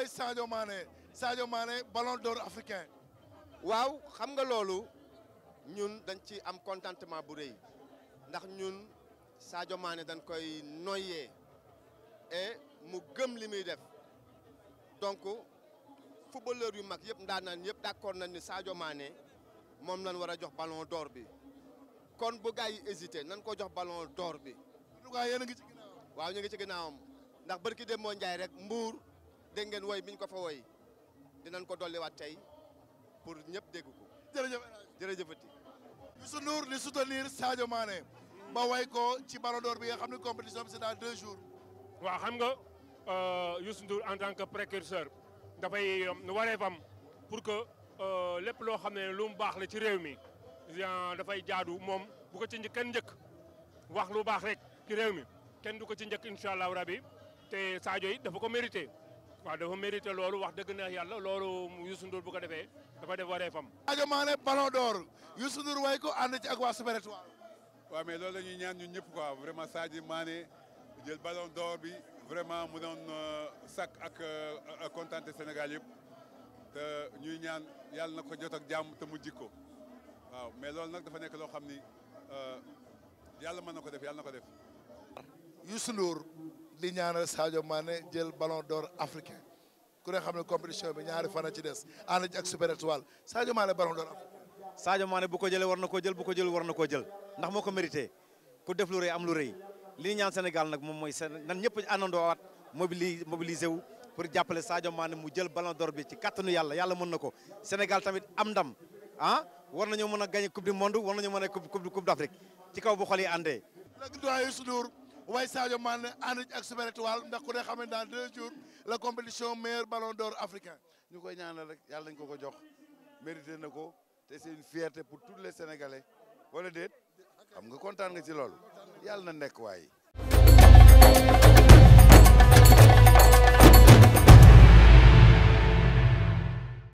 mooy Sadio Mané Sadio Mané ballon d'or africain. waaw xam nga loolu ñun dañ ci am contentement bu rëy ndax ñun saajo maane dañ koy noyyee et mu gëm li muy def donc footballeur yu mag yëpp ndaanaan yëpp d'accord nañ ni saajo maane moom lañ war a jox ballon door bi kon bu gars yi hésité nañ ko jox ballon d'or bi. waaw yéen a ci ginnaawam. waaw ñu ndax barki dem moo Ndiaye rek mbuur dégg ngeen woy biñ ko fa woy dinañ ko dolliwaat tey pour ñëpp dégg ko. jërëjëf jërëjëfati. Youssou Ndour di soutenir Sadio Mané ba way ko ci Ballon bi nga xam ne compétition bi c'est dans deux jours. waa xam nga euh, Youssou Ndour en tant que précurseur dafay euh, wareefam pour que euh, lépp loo xam ne lu mu baax la ci réew mi dafay jaadu moom bu ko ci njëkk kenn njëkk wax lu baax rek ci réew mi kenn du ko ci njëkk incha allahu rabi te Sadio yi dafa ko mérité. waaw dafa mérité loolu wax dëgg neex yàlla loolu Youssou Ndour bu ko defee dafa def waree fam Sadio Mané Ballon d'Or Youssou Ndour way ko ànd ci ak waa Super waa waaw mais loolu la ñuy ñaan ñun ñëpp ko vraiment Sadio maane jël Ballon d'Or bi vraiment mu doon euh, sakk ak euh, kontante Sénégal yëpp te ñuy ñaan yàlla na ko jot ak jàmm te mu jikko waaw mais loolu nag dafa nekk loo xam ni euh, yàlla mën na ko def yàlla na ko def Youssou di ñaanal Sadio Mané jël ballon d'or africain ku ne xam ne compétition bi ñaari fan ci des ànd ci ak super étoile Sadio Mané ballon d'or africain. Sadio Mané bu ko jëlee war na koo jël bu ko jël war na koo jël ndax moo ko mérité pour def lu rëy am lu rëy li ñaan Sénégal nag moom mooy seen nan ñëpp àndandoo waat mobili mobilisé wu pour jàppale Sadio maane mu jël ballon d'or bi ci kattanu yàlla yàlla mën na ko Sénégal tamit am ndam ah war nañoo mën a gagné coupe du monde war nañoo mën a coupe coupe d'Afrique ci kaw bu xol yi waaye Sadio Mané ànd ak Super Étoile ndax ku ne xam ne dans deux jours la compétition meilleur ballon d'or africain ñukoy ñaanal rek yalla nañ ko ko jox mérité nako té c'est une fierté pour tous les Sénégalais wala déet xam nga kontaan nga ci loolu yalla na nek way